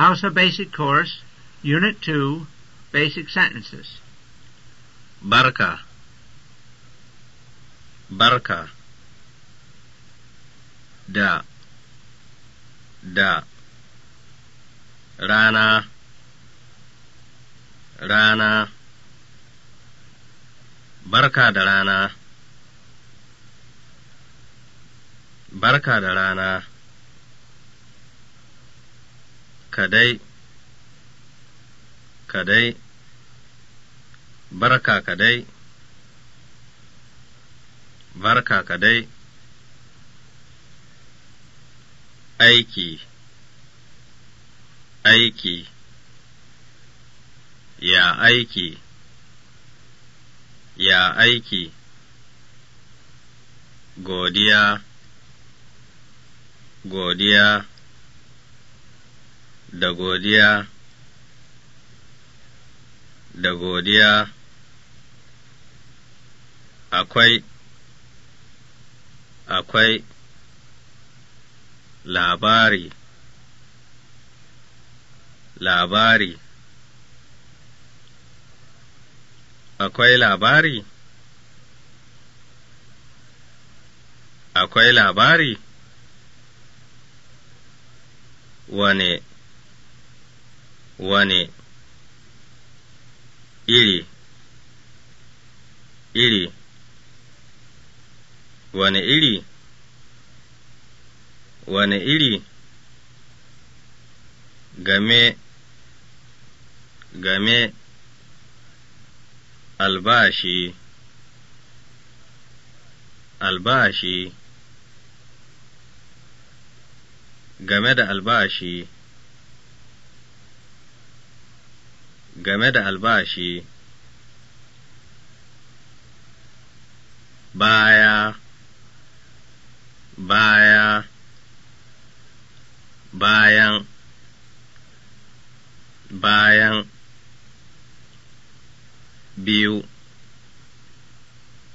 House of Basic Course, Unit 2, Basic Sentences. Barca. Barca. Da. Da. Rana. Rana. Barca da rana. Barca da rana. kadai kadai barka kadai barka kadai aiki aiki ya aiki ya aiki godiya godiya da godiya da godiya akwai akwai labari labari akwai labari akwai labari wane wane iri iri wane iri wane iri game game albashi albashi game da albashi game da albashi baya baya bayan bayan biyu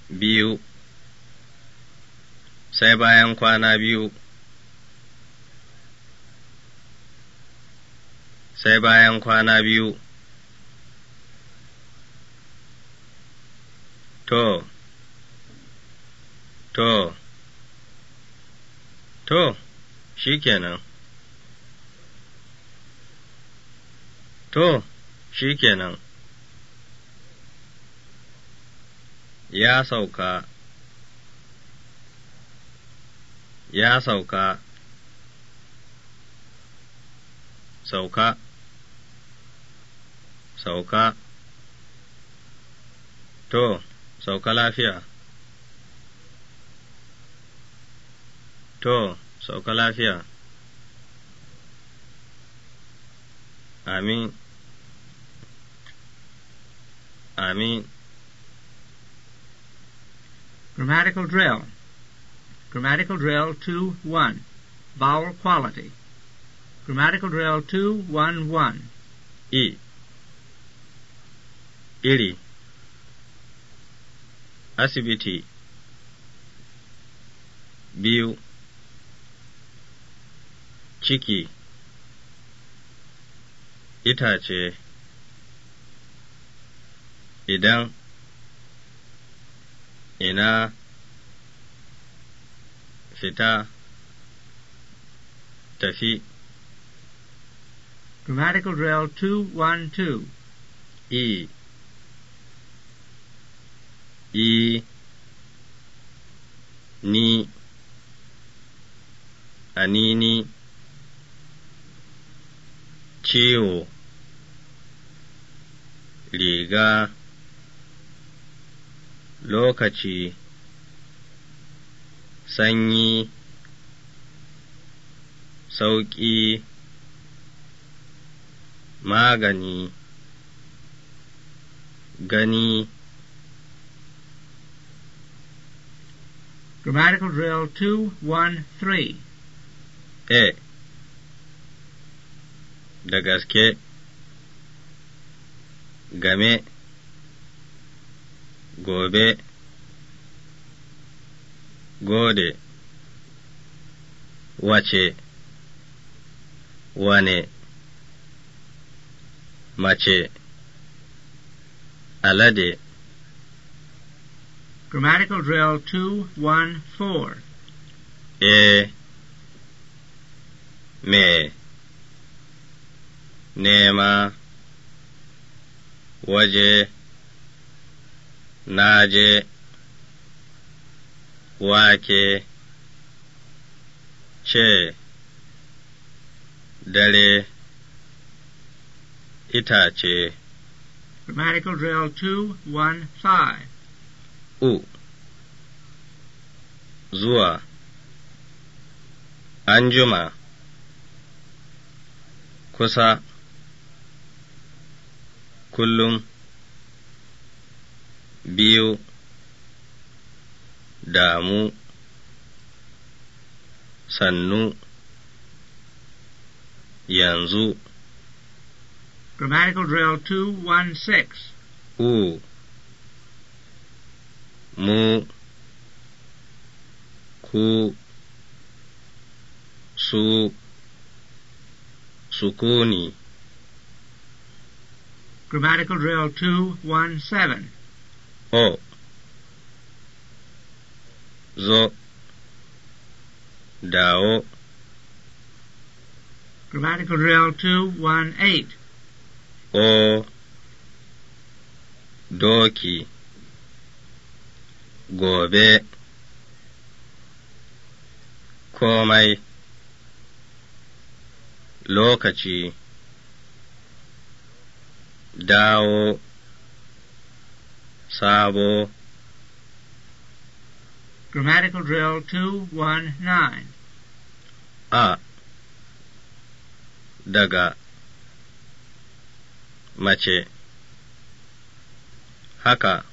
biyu sai bayan kwana biyu sai bayan kwana biyu to to to shikenan to shikenan ya sauka ya sauka sauka sauka to sauka lafiya to sauka lafiya amin amin grammatical drill grammatical drill 2 1 vowel quality grammatical drill 2 1 1 e iri asibiti biyu ciki itace idan ina fita tafi grammatical drill 212 e i e ni anini ciwo riga lokaci sanyi sauƙi magani gani Grammatical drill 213. A. Da gaske. Game. Gobe. Gode. Wache. Wane. Maché. Alade. Grammatical drill 214. E. Me. Nema. Waje. Naje. Wake. Che. Dele. Itachi. Grammatical drill 215. الرجوع zuwa anjuma kusa kullum biyu damu sannu yanzu grammatical drill 216 u mu ku su sukuni grammatical drill two one seven. O zo dao grammatical drill two one eight. do doki gobe komai lokaci dawo sabo Grammatical drill 219 A daga mace haka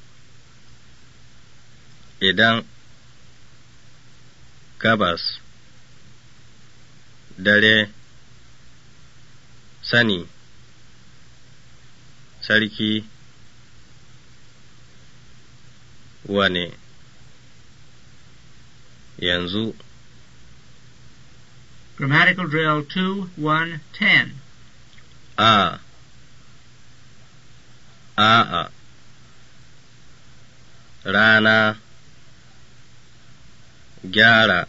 idan gabas dare sani sarki wane yanzu Grammatical drill 2-1-10 A a a Rana gyara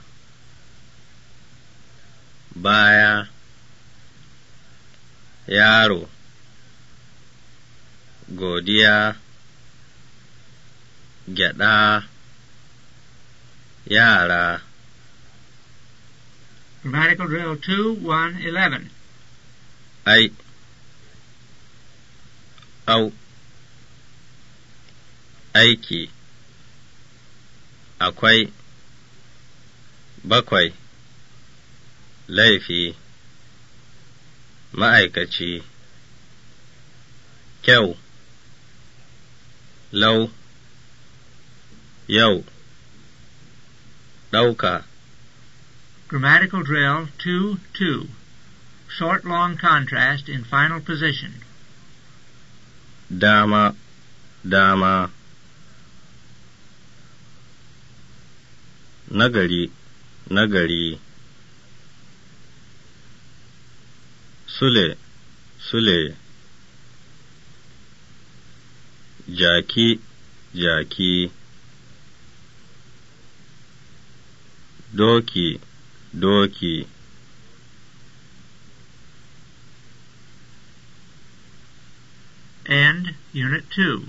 baya yaro godiya gyada yara Grammatical drill 2 1 11 ai au aiki akwai bakwai laifi ma'aikaci kyau lau yau ɗauka Grammatical drill 2-2 Short long contrast in final position Dama Dama Nagari nagari sule sule jaki jaki doki doki and unit 2